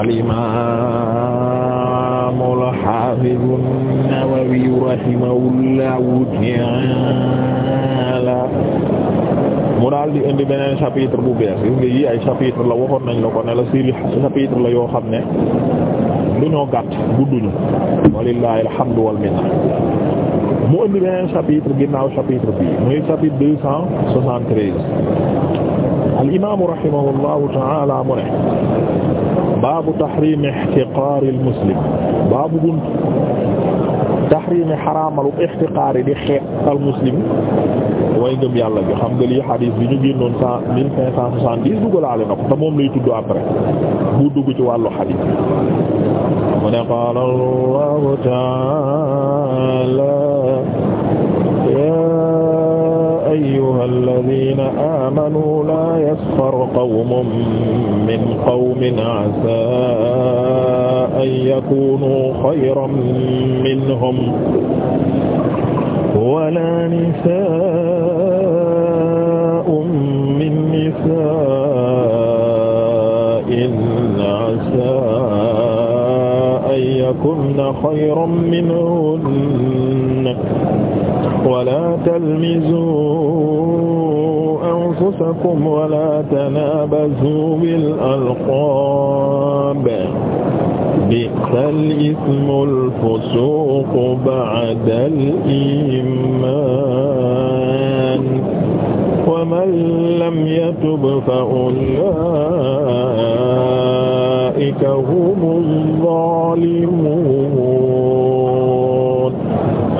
al-imaam al-haafiz an-Nawawi rahimahullahu ta'aala mu daal di indi beneen chapitre bu bees gis nga yi ay chapitre la waxoon nañ la ko ne la sili chapitre la yoo xam ne duñoo gàtt gudduñu walillahi alhamdu wal minna mu indi beneen chapitre ginnaaw chapitre bi muy chapitre deux cent soixante-treize al imaamu rahimahullahu ta'aala mu ne baabu taxriimi ixtiqaaril muslim baabu bunt taxriimi xaraamalu ixtiqaari di xeet al muslim way ngëm yàlla bi xam nga lii xadiis bi ñu génnoon cent mille cinq cent soixante-dix dugalaale na ko te moom lay tudd après bu dugg ci wàllu xadiis mu ne qaala Allahu ta'aala amanu laa yasfar qawmun min qawmin asaa an yakunu xayran minhum wala nisaa'un min nisaa'in asaa an yakunna xayran minhunna nag wala talmizu anfusakum wala tanabazu bil alqab bi'sal ismul fusuq ba'dal iman wa man lam yatub fa ulaa'ika humuz zaalimuun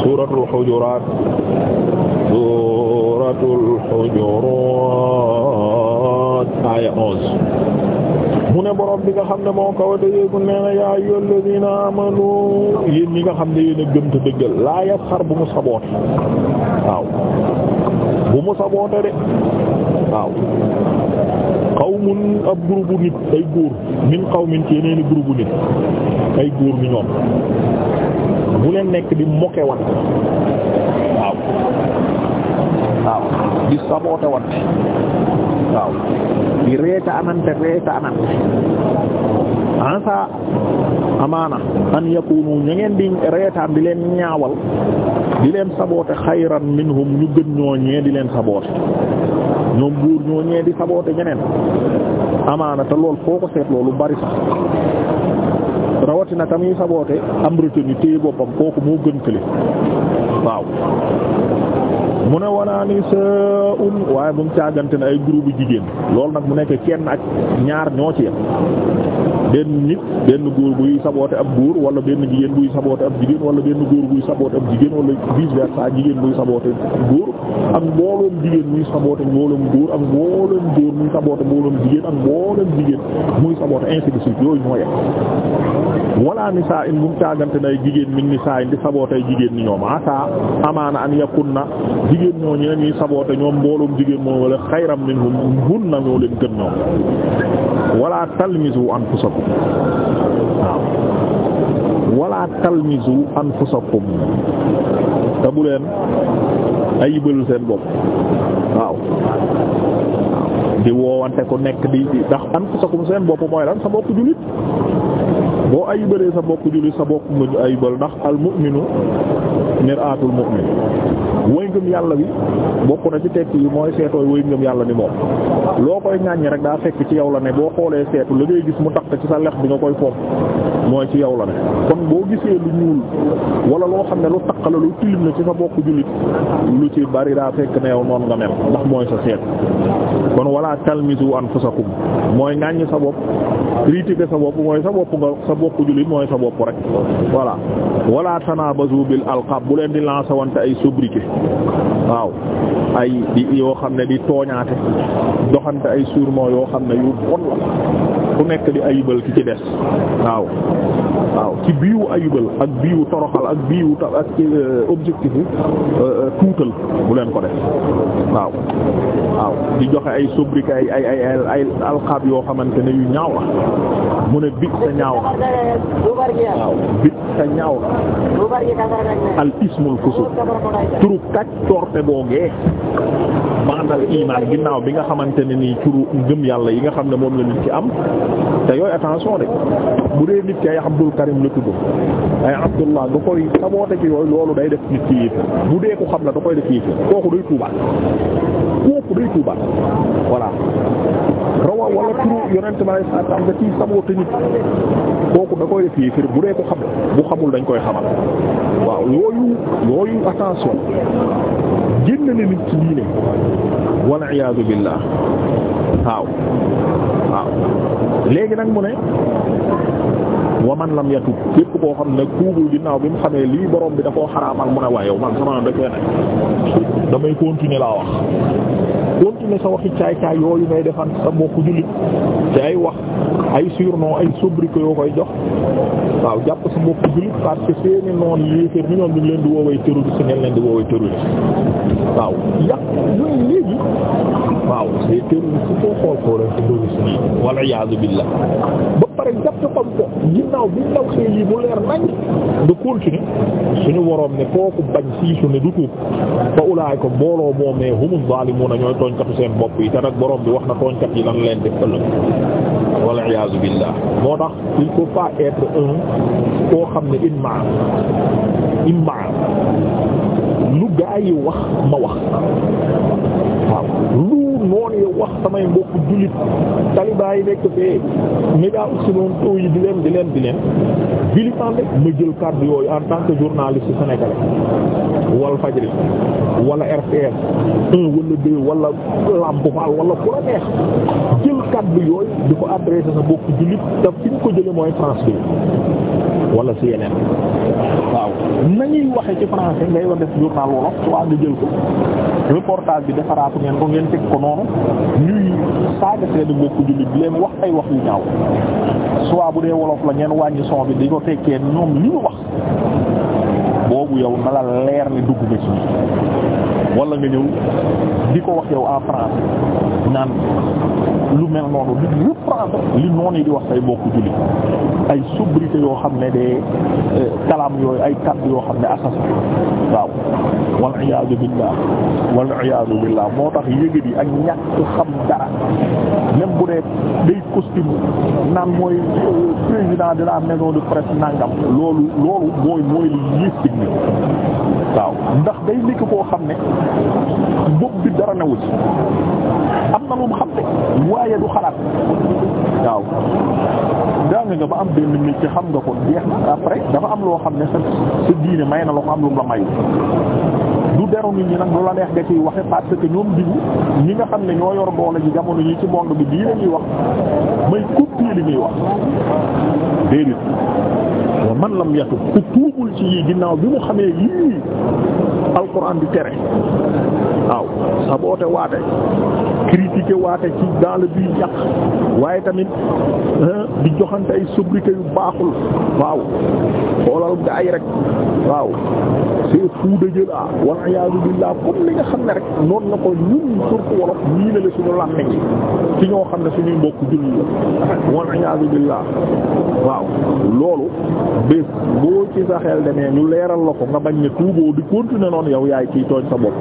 suuratul hujuraat suuratul hujuraat aaya onze mu ne borom bi nga xam ne moo kaw a déyeeku nee yaa ayyuhal laziina aamanu yéen nga xam ne yéen gëm te dëggal laa yasxar bu mu saboote waaw bu mu saboote de waaw qawmun ab groupe nit ay góor min qawmin ci yeneen groupe nit ay góor mi ñoom bu leen nekk di moke wat waaw waaw di saboote wat waaw di reeta anante reeta anante ansa amaana an yakunu ñu ngeen di reetaan di leen ñaawal di leen saboote xayran minhum ñu gën ñooñee di leen saboote ñoom buur ñooñee di saboote ñeneen amaana te lool foo ko seet loolu bari sax nag ka muy saboote am retenu téye boppam kooku moo gën kële waaw mu ne wanaani sa um waaye mu ngi càggante ne ay groupe jigéen loolu nag mu nekk kenn ak ñaar ñoo ci benn nit benn góor buy saboote ab góor wala benn jigéen buy saboote ab jigéen wala benn góor buy saboote ab jigéen wala vice versa jigéen buy saboote góor ak mbooloom jigéen muy saboote mbooloom góor ak mbooloom góor muy saboote mbooloom jigéen ak mbooloom jigéen muy saboote ainsi de suite yooyu moo yegg wala nisaa in bu mu càggante nay jigéen min nisaa in di sabootay jigéen ni ñoom asa amaana an yakun na jigéen ñoo ñi ñuy saboote ñoom mbooloom jigéen moom wala xayram minhum hun na ñoo leen gën ñoom wala talmizu anfusakum waaw wala talmizu anfusakum te bu leen ayibal seen bopp waaw di woowante ku nekk di di ndax anfusakum seen bopp mooy lan sa bopp jullit boo ayibalee sa bopp jullit sa bopp nga ayibal ndax al mu'minu mir'atul mu'min way ngëm yàlla bi bokk na ci tekk yi mooy seetooy way ngëm yàlla ni moom loo koy ŋàññi rek daa fekk ci yow la ne boo xoolee seetu la ngay gis mu tax ci sa lex bi nga koy foof mooy ci yow la ne kon boo gisee lu ñuul wala loo xam ne lu taq la lu tilim na ci sa bokk jullit lu ci bari daa fekk ne yow noonu nga mel ndax mooy sa seet kon wala sa anfusakum mooy ŋàññi sa bopp critiquer sa bopp mooy sa bopp nga sa bopp jullit mooy sa bopp rek voilà wala tanabazu bil alqab bu leen di lancer wante ay sobriquet waaw ay di yoo xam ne di tooñaate doxante ay surmo yoo xam ne yu bon la ku nekk di ayibal ki ci des waaw waaw ci biiwu ayibal ak biiwu toroxal ak biiwu ta ak euh, objectif euh, euh, tuutal bu leen ko def waaw di joxe ay sobriquet ay ay ay ay yoo xamante ne yu ñaaw la mu ne bit sa ñaaw la sa ñaaw al ismul fusuq turu kàccoorte googee maanaam iman ginnaaw bi nga xamante ne nii turu ngëm yàlla yi nga xam ne moom la nit ci am te yooyu attention de bu dee nit ki ay Abdul Karim la tudd ay Abdullah da koy yooyu loolu day def nit ci yéeféer bu dee ko xam la da koy def yéeféer kooku day tuubaat kooku day tuubaat voilà rawa wala turu yonente bu dee ko xam la bu xamul dañ koy xamal waaw yooyu yooyu attention génn na nit ci diine wal iyaadu billaah waaw waaw léegi nag mu ne waman lam yatub képp koo xam ne kuubul ginnaaw bi mu xamee lii borom bi da koo xaraamal mu ne waaye yow man sama yoon dafay nekk damay continuer laa wax continuer sa waxi caay caay yooyu ngay defan sa mbokku jullit ci ay wax ay surnom ay sobriquet yoo koy jox waaw jàpp sa mbokku jullit parce que seeni noon yéeféer ni ñoom leen di woowee terroriste ngeen leen di woowee terroriste waaw yàq yooyu léegi waaw c'est terroriste foo xool foo leen terroriste walla iyaazu billaah pare a comme ko ginnaaw bi ñu law see yi mu leer nañ de continuer suñu waroom ne kooku bañ siisu ne du fa ulaay ko booloo moomee humu zalimuna ñooy tooñkatu seen bopp yi te nag borom bi wax na tooñkat yi lan leen def ëllëg wal iyaazu billah moo tax il faut pas un koo xam ne imma imma lu gaa wax ma wax wax samay mbokku jullit taliban yi nekk fee média sinon taux yi di leen di leen di leen vilipender ma jël kàddu yooyu en tant que journaliste sénégalais wal fajri wala RTS un wala deux wala faal wala ku la neex jël kàddu yooyu di ko adressé sa mbokku jullit te fi ñu ko jële mooy France bi wala CNN waaw ñuy waxe ci français ngay war def journal wolof soit nga jël ko reportage bi defaraatu ngeen ko ngeen teg ko noonu ñuy saaga seen mbokk jullit leen wax ay wax yu ñaaw soit bu dee wolof la ngeen wàññi son bi di ko fekkee ñoom li ñu wax boobu yow na la leer ne dugg nga ci wala nga ñëw di ko wax yow en français naan lu mel noonu di reprendre li noonu di wax say bokk jullit ay sobriété yoo xam ne de euh, kalaam yooyu ay kàddu yoo xam ne assassin waaw wal iyaadu billaah wal iyaadu billaah moo tax yëgët ak ñàkk xam dara même bu dee day costume naan mooy euh, président de la maison de presse nangam loolu loolu mooy mooy li yées waaw ndax day nekk koo xam ne bopp bi dara newu ci am na lu mu xam de waaye du xalaat waaw jàng nga ba am benn ci xam nga ko jeex na après dafa am loo xam ne sa sa diine may na la ko am lu mu la mayu du la neex nga ciy waxe parce que xam ne ñoo yor doole ji jamono yi ci monde bi diine ñuy wax may copier li ñuy wax déedéet wa man lam yatu ku tuubul ci yi ginnaaw bi mu xamee yii alquran di tere waaw saboote waate critiquer waate ci dans le but waaye tamit di joxante ay sobriquet yu baaxul waaw xoolal gaa yi rek waaw c'est fou de jël ah walla billaah comme li nga xam ne rek noonu la ko ñun surtout wolof nii la suñu làmmiñ yi ci ñoo xam ne suñuy bokk julli la walla iyaazu billaah waaw loolu bés boo ci sa xel demee ñu leeral la ko nga bañ ne tuuboo di continuer noonu yow yaay ciy tooñ sa bopp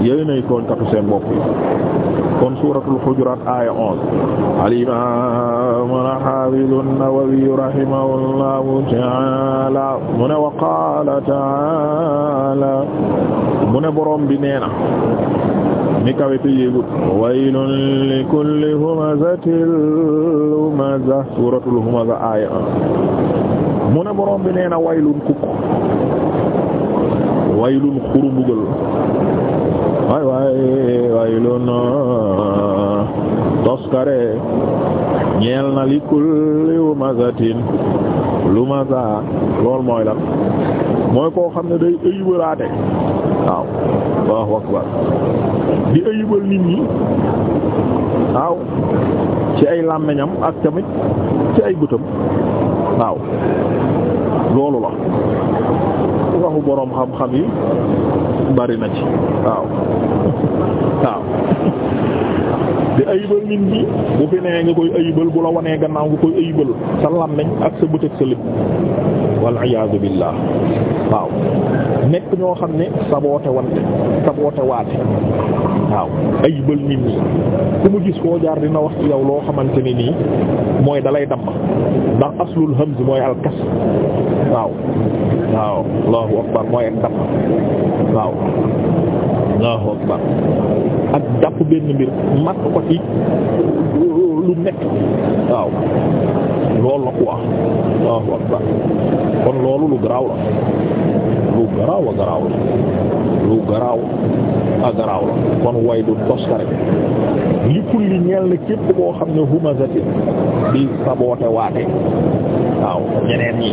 yéenay tooñ katu seen bopp yi kon suuratul Hujuraat aaya 11 al-imaam al-haafiz an-Nawawi rahimahullahu ta'aala mu ne wa qaala ta'aala mu ne boroom bi nee na mi kawe te yéegut waylun li kulli humazatil humaza suuratul humaza aaya 1 mu ne boroom bi nee na waylun kukk waylun xuru mbugal ay waay waylun toskare ñeel na li kulli mazatin lu maza lool mooy lan mooy koo xam ne day ëybalaate waaw Allahu akbar di ëybal nit ñi waaw ci ay làmmiñam ak tamit ci ay bëtam waaw loolu la waxu boroom xam-xam yi bari na ci waaw waaw di ayibal nit ñi bu fi nee nga koy ayibal bu la wanee gannaaw nga koy ayibal sa làmmiñ ak sa bët sa lépp wal iyaadu billaah waaw nekk ñoo xam ne saboote wante saboote waate waaw ayibal nit ñi ku mu gis koo jaar dina wax ci yow loo xamante ne nii mooy dalay damm ndax aslul hamz mooy alkas waaw waaw allahu akbar mooy ak damm waaw allahu akbar ak jàpp benn mbir mat ko ci lu nekk waaw loolu la quoi allahu akbar kon loolu lu garaaw la lu garaaw a garaaw la garaaw a garaaw la kon way du toskare li kulli ñeel na képp boo xam ne humazatin di saboote waate waaw ñeneen ñi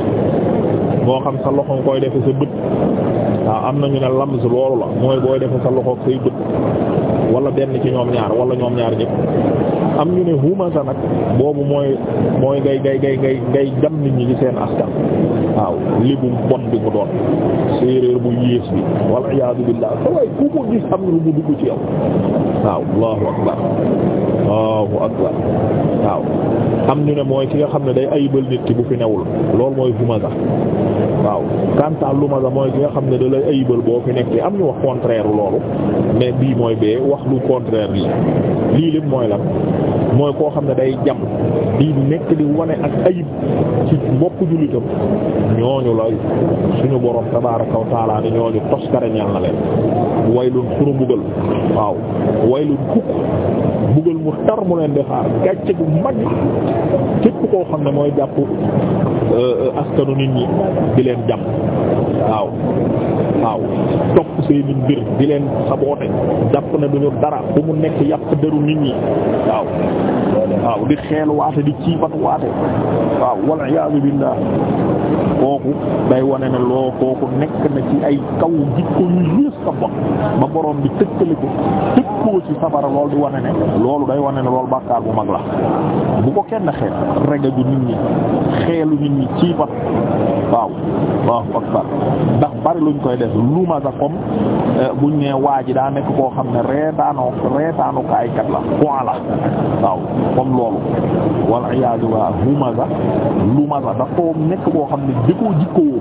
moo xam sa loxo nga koy defe sa bët waaw am nañu ne lamz loolu la mooy booy defe sa loxo ak say bët wala benn ci ñoom ñaar wala ñoom ñaar ñëpp am ñu ne humaza nag boobu mooy mooy ngay ngay ngay ngay jam nit ñi ci seen askan waaw limum bon bi mu doon séeréer bu yées bi wal iyaadu billaah sa waay ku ko gis am na lu mu dugg ci yow waaw allahu akbar allahu akbar waaw am ñu ne mooy ki nga xam ne day ayibal nit ki bu fi newul loolu mooy humaza waaw lu ma lumaza mooy ki nga xam ne da lay ayibal boo fi nekk am ñu wax contraire loolu mais bii mooy bee wax lu contraire lii lii lépp mooy la mooy koo xam ne day jam di nekk di wane ak ayib ci mbokk jullitam ñooñu la suñu borom tabaaraka wa taala ni ñooñu toskare ñeel na leen waylun sunu mbugal waaw waylun kukk mbugal mu tar mu leen di xaar gàcce gu mag képp koo xam ne mooy jàpp euh, euh, askanu nit ñi di leen jàpp waaw waaw topp seeni mbir di leen saboote jàpp ne duñu dara bu mu nekk yàpp deru nit ñi waaw waaw di xeel waate di ciibat waate waaw wal iyaadu billah kooku day wane ne loo kooku nekk na ci ay kaw jikko yu yées sa bon ba borom bi tëkkale ko tëkkoo ci safara loolu di wane ne loolu day wane ne loolu bàkkaar bu mag la bu ko kenn xeet rega ju nit ñi nit ñi ci waaw waaw akbar ndax bari luñ koy def lu ma sa comme eh, buñ nee waa ji daa nekk koo xam ne reetaanoo reetaanu kaay kat la point waaw comme loolu walla iyaatu waa humaza lumaza daf ko nekk koo xam ne di koo jikkoo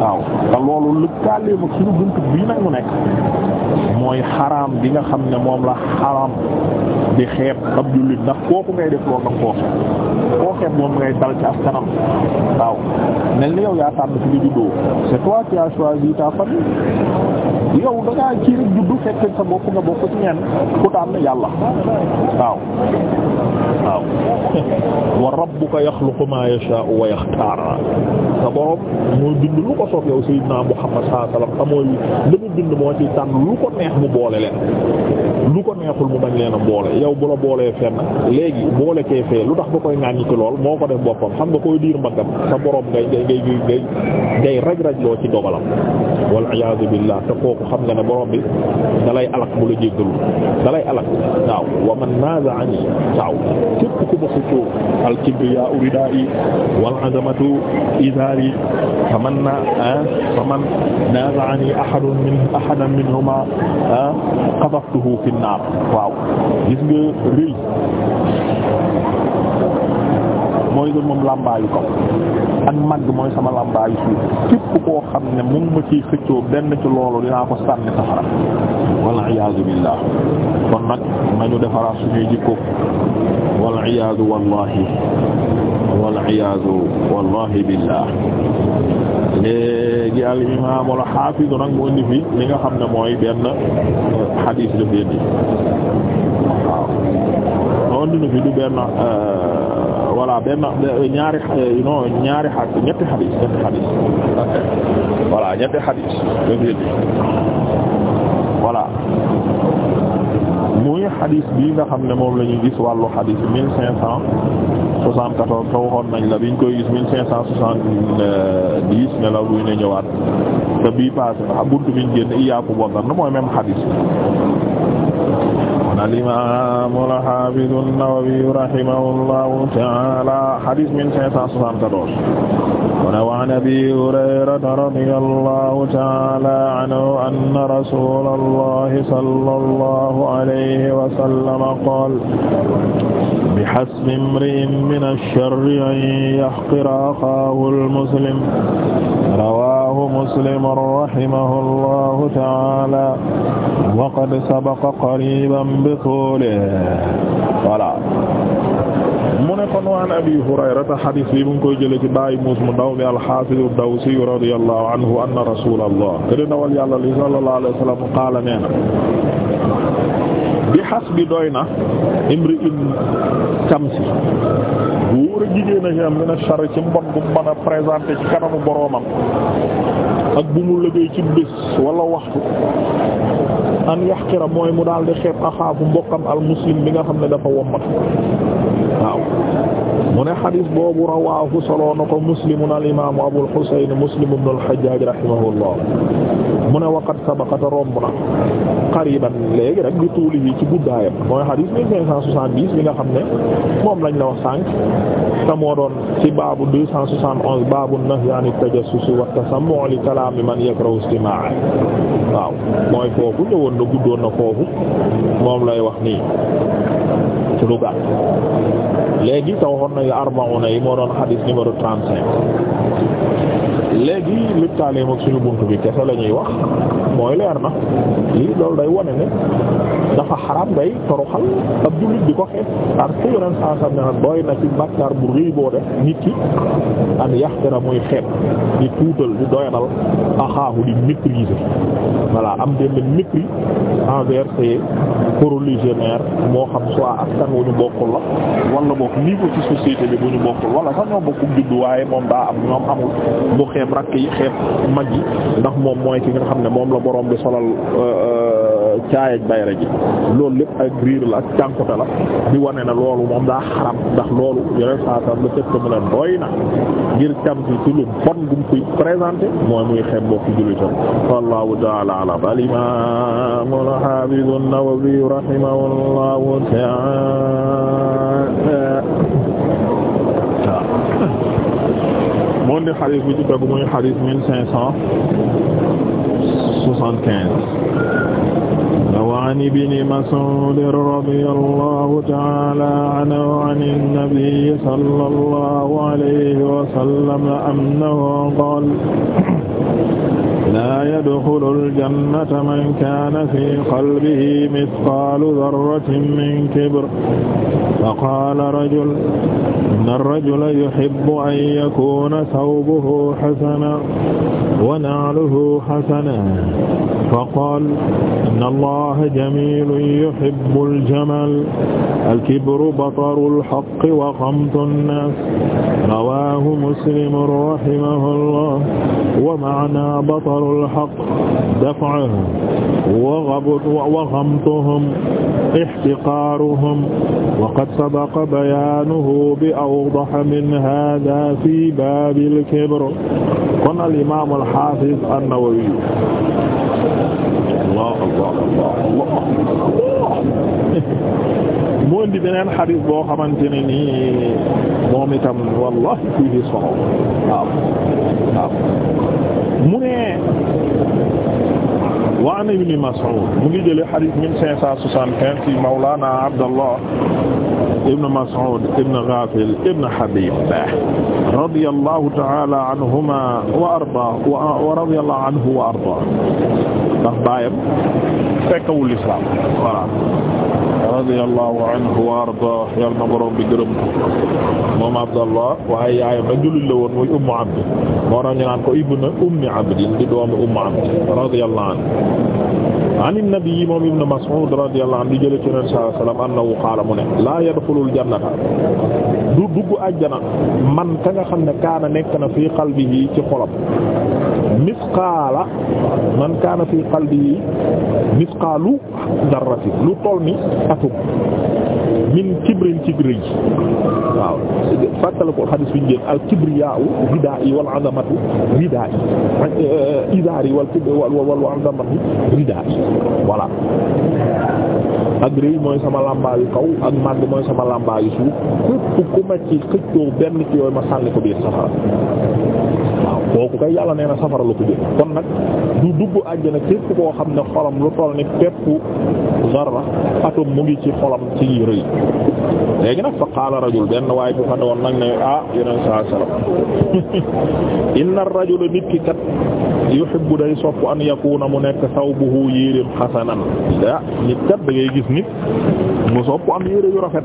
waaw te loolu lu kàlleem suñu buntu bii nag mu nekk mooy xaraam bi nga xam ne moom la xaraam di xeeb ab jullit ndax kooku ngay def loolu danga koo xeeb koo xeeb moom ngay dal ci kanam waaw mel li yow yaa tànn fi nga juddoo c'est toi qui as choisi ta famille yow da ngaa ci rek juddu fekk sa bopp nga bokk ci ñenn ku tànn yàlla waaw waaw wa rabbuka yaxluqu ma yashaa'u wa yaxtaar sa borom moo bind lu ko soob yow sayyidina Muhammad sallallahu alayhi wasallam amooy li mu bind moo ci tànn lu ko neex mu boole leen lu ko neexul mu bañ leen a boole yow bu la boolee fenn léegi boole kee fee lu tax ba koy ŋàññi ci lool moo ko def boppam xam nga koy diir mbaggam sa borom ngay ngay ngay ngay raj raj loo ci dogalam wal iyaazu billah te kooku xam nga ne borom bi dalay alak bu la jéggalul dalay alak waaw wa man naaza'ani waaw képp ku ma xëccoo al kibriya ridaa'i wal azamatu izaari faman na faman naaza'ani ahadun min ahadan minhuma qadaftuhu fi an-naar waaw gis nga rëy mooy moom làmbaayu kaw ak màgg mooy sama làmbaayu suuf képp koo xam ne mu ngi ma ciy xëccoo benn ci loolu dinaa ko sànni safara walla iyaazu billaah kon nag léegi al imaam al xaafiz nag mu indi fi li nga xam ne mooy benn xadiis euh, daf indi waaw noonu dina fi du benn euh, voilà benn ñaari euh, non ñaari xadiis ñetti xadiis ñetti xadiis voilà ñetti xadiis dégg muy xadiis bii nga xam ne moom la ñu gis wàllu xadiis mille cinq cent soixante-quatorze te waxoon nañ la biñ koy gis mille cinq cent soixante-dix ne la luy ne ñëwaat te bii passé ndax buntu biñ génn iyaaku bondar na mooy même xadiis al-imaam al-haafiz an-Nawawi rahimahullahu ta'aala hadis mille cinq cent soixante-quatorze kon wa an Abii Hurayrata radiyallahu ta'aala anhu anna rasuulallahi sallallahu alayhi wa sallam qaala bihasbi imri'in mina ash-sharri an yahqira axaahu al-muslim rawaahu Muslim rahimahullahu ta'aala wa qad sabaqa qariiban rasuulihi voilà mu ne kon waan abi hurayrata xadis bi mu ngi koy jële ci bàyyi muus mu ndaw bi alxafidu dawsi radiyallahu anhu anna rasulallah tëdë ndawal yàlla li sallallahu alayhi wa sallam qaala nee na bi xas bi doy na imri in camsi góor a jigéen a ci am mina shar ci mbon bu mën a présenté ci kanamu boroomam ak bu mu liggéey ci bés wala waxtu an yaxqira mooy mu daal di xeeb axaafu mbokkam al muslim bi nga xam ne dafa wommat waaw mu ne xadis boobu rawaahu soloo na ko muslimun al imaamu abul xusayn muslim ibn al xajjaaj rahimahullah mu ne waqad sabaqata romb na qariban léegi rek bi tuuli yi ci guddaayam mooy xadis mille nga xam ne moom lañ la wax sànq te moo doon ci baabu deux cent soixante onze baabu nahyi an tajassus wa tasammu' li man yakrahu istima'a waaw mooy foofu ñëwoon na guddoon na foofu moom lay wax nii ci lu gàtt léegi taxoon al arba'una yi moo doon xadis numéro trente-cinq léegi lëkkaaleem ak suñu buntu bi kese la ñuy wax mooy leer na lii loolu day wone ne dafa xaram day toroxal ab jullit di ko xeet parce que yoneen saa sam ne doy na ci bàkkaar bu rëy boo def nit ki an yaxtara muy xeet di tuutal di doyanal axaahu di mépriser voilà am benn mépris envers moo xam soit askan wu ñu bokkul la wala bokk niveau ci société bi bu ñu bokkul wala sax ñoo juddu waaye moom daa am ñoom amul bu xeeb rakk yi xeeb mag yi ndax moom mooy ki nga xam ne moom la borom bi solal euh, euh, caayaj bayra ji loolu lépp ak riir la ak cànkuta la di wane na loolu moom daa xaram ndax loolu yeneen saa saa la fekk na ngir cam ci ci lu bon gu mu koy présenté mooy muy xem moo jullitam wallahu ta'ala a'lam al imam al hafiz an-Nawawi rahimahullahu ta'ala moom di xadis 75 wa an ibni Mas'ud radiyallahu ta'ala anhu an an-nabi sallallahu alayhi wa sallam annahu qala laa yadxulul jannata man kaana fii qalbihi misqaalu darratin min kibr fa qaala rajul inna rajula yuhibbu an yakuuna sawbuhu hasanan wa na'luhu hasanan fa qaala inna Allaha jamiilun yuhibbul jamaal al-kibru batarul haqqi wa ghamtun naas rawaahu Muslim rahimahullah wa ma'naa batar lahu al-haqq daf'uhum wa ghamtuhum ihtiqaaruhum wa qad sabaqa bayaanuhu bi awdahi min haadha fii baabil kibr kon al-imaam al-haafiz an-Nawawi Allah Allah Allah moo indi beneen xadis boo xamante ne nii moom itam wallahi fii solo waaw waaw mu ne wa an ibn Mas'ud mu ngi jëlee hadith mille cinq cent soixante-quinze ci Mawlana Abdallah ibn Mas'ud ibn Ghafil ibn Habib radiyallahu ta'ala anhuma wa ardaah wa radiyallahu anhu wa ardaah ndax baayam fekkawul islam voilà radiyallahu anhu wa ardaa yal na borom bi gërëm moom Abdallah waaye yaayam nag jullit la woon muy ummu abd moo tax ñu naan ko ibn ummi abd di doomu ummu abd radiyallahu anhu an nabi moom ibn Mas'ud radiyallahu anhu di jëlee ci Yonent sallallahu alayhi wa sallam annahu qaala mu ne laa yadxulul jannata du dugg àjjana man ka nga xam ne kaana nekk na fii qalbihi ci xolam misqaala man kaana fi qalbihi misqaalu darratin lu toll ni atum min kibrin ci rëy waaw fàttali ko xadis bi ñu génn al kibriyaa'u ridaa'i wal 'azamatu ridaa'i euh, izaari wal kibri wal 'azamatu ridaa'i voilà ak rëy mooy sama lambaayu kaw ak màgg mooy sama lambaayu suuf képp ku ma ci xëccoo benn ci yooyu ma sànni ko biir safara kooku kay yàlla nee na safara la ko jël kon nag du dugg nag képp koo xam ne xolam lu toll ni pepp zarra atom mu ngi ci xolam ci rëy léegi nag fa qaala rajul benn waaye bu fa ne woon nag ne ah yeneen saa salaam inna rajula nit ki kat yuhibbu day sopp an yakuna mu nekk sawbuhu yéreem xasanan ah, nit kat da ngay gis mu sopp am yére yu rafet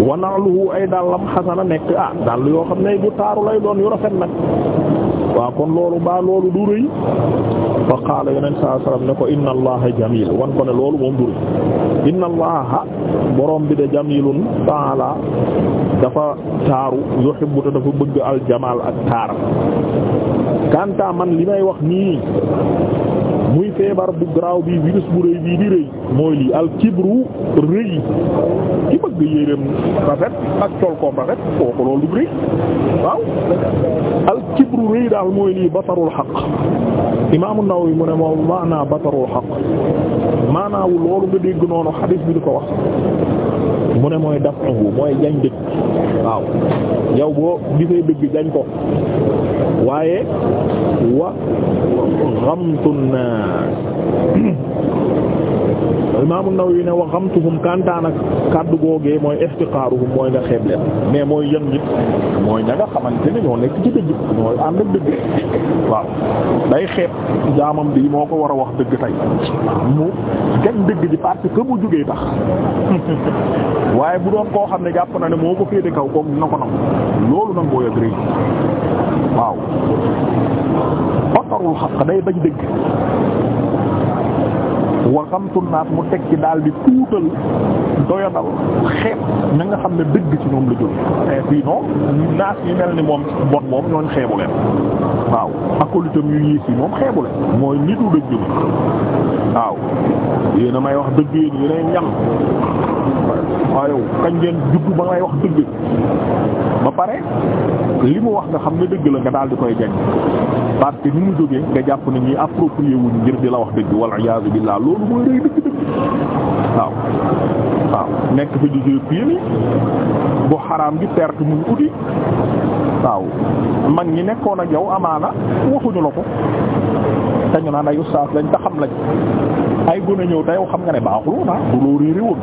wa na'luhu ay dàllam xasana nekk ah, dàll yoo xam ne bu taaru lay doon yu rafet nag waaw kon loolu baa loolu du rëy fa qaala yonent sallallahu alayhi wasallam ne ko inna allaha jamil wan ko ne loolu moom du rëy inna allaha borom bi de jamilun taala dafa taaru yuhibbu te dafa bëgg al jamaal ak taar man li may wax nii muy feebar bu garaaw bi virus bu rëy bii di rëy mooy lii al kibru ki bëgg yéreem rafet ak colkoom rafet kooku loolu du rëy waaw al kibru daal mooy lii batarul xaq imaam an mu ne moom maanaa batarul xaq maanaawu loolu nga dégg noonu xadiis bi di ko wax mu ne mooy daf angu mooy jañ dëgg waaw yow boo gisee dëgg jañ ko waaye wa xamtu naas Imaam An-Nawawi ne wa xamtuhum kantaan ak kàddu googee mooy iftiqaaruhum mooy nga xeeb leen mais mooy yan mooy ña nga xamante ne ñoo nekk ci dëgg ñooy ànd ak dëgg waaw day xeeb jaamam bi moo ko war a wax dëgg tey mu gan dëgg ji parce que mu jógee tax waaye bu doon koo xam ne jàpp na ne moo ko féete kaw koog dina ko nangu loolu nag booy rëy waaw otorul xaq day bañ dëgg waxamtu naat mu teg ci daal di tuutal doyadal xeet na nga xam ne dëgg ci ñoom la jóg et eh, puis non naas yi mel ni moom bon moom ñooñ xeebu leen waaw acolitam yu yiis yi moom xeebu leen mooy nitu dëgg la waaw yéen a may wax dëgg yéen yéenay ñam waaye kañ ngeen juddu ba may wax dëgg ba pare li mu wax nga xam ne dëgg la nga daal di koy jañ parce que ni mu jógee nga jàpp ne ñuy approprié wuñ ngir di la wax dëgg wal iyaazu billaah loolu mooy rëy dëgg dëgg waaw waaw nekk fa di jël bu xaraam gi perte mu ngi uti waaw mag ñi nekkoon ak yow amaana waxuñu la ko te ñu naan yu ustaas lañ te xam lañ ay gone ñëw te yow xam nga ne baaxul ah du loo réeré woon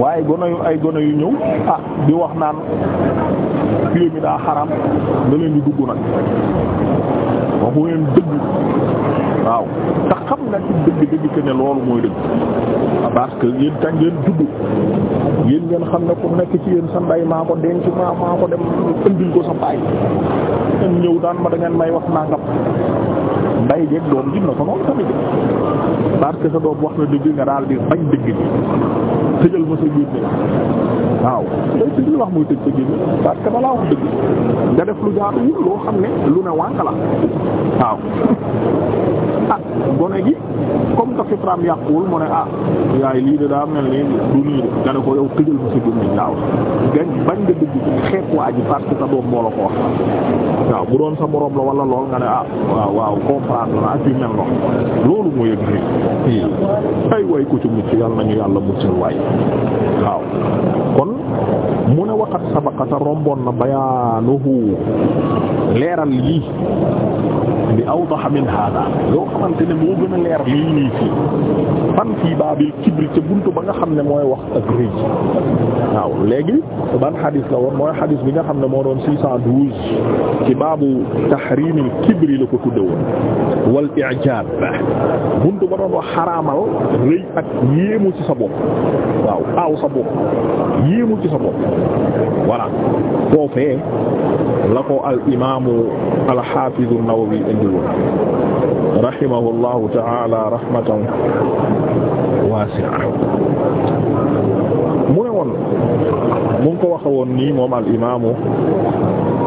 waaye gone yu ay gone yu ñëw a ah, di wax naan kilo mi daa xaram nga leen di dugg nag xam nga ci dëgg dëgg que ah, que yéen tam ngeen juddu xam ne ku nekk ci yéen sa ndey maa ko denc ñëw daan ma da ngeen may wax nangam. nday jeeg doom ji na ko noonu tamit parce que sa doom wax na dëgg nga daal di bañ dëgg ji tëjal ma sa génne waaw day tëj wax muy tëj sa génne parce que balaa wax dëgg nga def lu jaaduwul loo xam ne lu ne wànq la waaw ah gone gi comme que fitraam yàquwul mu ne ah yaay lii de daa mel ni du nii de nga ne ko yow tëjal ko si gëmmiñ waaw gañ bañ nga dëgg ci xeet waa ji sa doom moo la ko wax waaw bu doon sa boroom la wala lool nga ne ah waaw waaw comprendre na ak yu mel noonu loolu mooy yëg nii ay way ko ci mucc yàlla nañu yàlla muccal waay waaw kon mu ne waqat sabaqata romboon na bayaanuhu leeral lii bi awdaha min hada loo xamante moo gën a leer lii nii fii fan fii baabil kibri ca buntu ba nga xam ne mooy wax ak rëy waaw léegi ban xadis la woon mooy xadis bi nga xam ne moo doon 612 ci baabu tahrimil kibri la ko tudde woon wal i'jab buntu ba doon wax xaraamal rëy ak yéemu ci sa bopp waaw aaw sa bopp yéemu ci sa bopp voilà foofee la ko al imaamu al haafiz an-Nawawi indiwoon rahimahullahu ta'ala rahmatan waasi'a mu ne woon mu ngi ko waxe woon nii moom al imaamu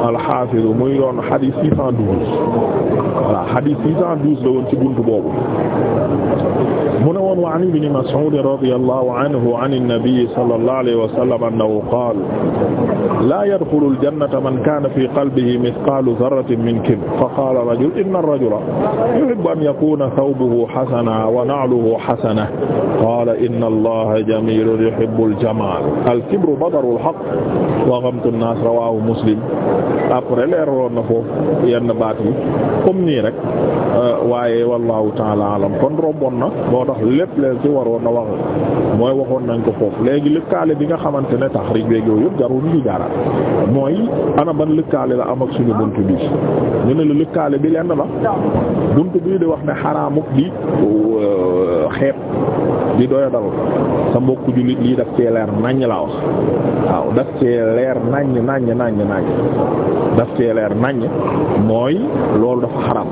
al haafiz muy doon hadith 612 voilà hadith 612 la woon ci buntu boobu mu ne woon wa an ibn Mas'ud radiyallahu anhu an an-nabi sallallahu alayhi wa sallam annahu qaala laa yadxulu aljannata man kaana fi qalbihi mithqaalu darratin min kibr fa qaala rajul inna arrajula yuhibbu an yakuuna thawbuhu xasana wa na'luhu xasana qaala inna allaha jamiilun yuhibbu aljamaal alkibru badaru alhaqq wa ghamtu annaas rawaahu muslim après leeraloon na foofu yenn baat yi comme nii rek euh, waaye wallahu taala alam kon romboon na moo tax lépp leen ci waroon na wax mooy waxoon nañ ko foofu léegi lëkkaale bi nga xamante ne taxriij beeg yooyu yëpp jarul li dara mooy ana ban lëkkaale la am ak suñu buntu bi ñu ne la lëkkaale bi lenn la buntu bii di wax ne xaraamuk di euh, xeet di doya dal sa mbokku jullit lii daf cee leer naññ laa wax waaw daf cee leer nàññ naññ naññ naññ daf cee leer naññ mooy loolu dafa xaraam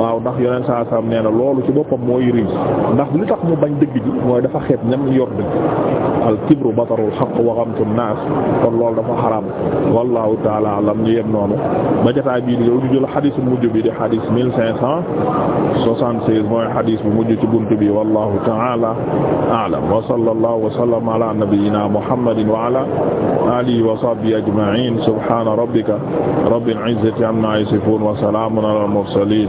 waaw ndax yeneen saa saa nee na loolu ci boppam mooy riis ndax li tax mu bañ dëgg ji mooy dafa xeet ñam yor dëgg al kibru batarul xaq wa ghamtu naas kon loolu dafa xaraam wallahu taala alam ñu yem noonu ba jotaay bii di yow ñu jël xadis bu mujj bi di xadis mille cinq cent soixante-seize mooy xadis bu mujj ci bunt bi wallahu taala a'lam wa sallallahu wa sallama ala nabiyyina muhammadin wa ala alihi wa sahbihi ajma'in subhana rabbika rabbil izzati amma yasifun wa salamun ala al mursalin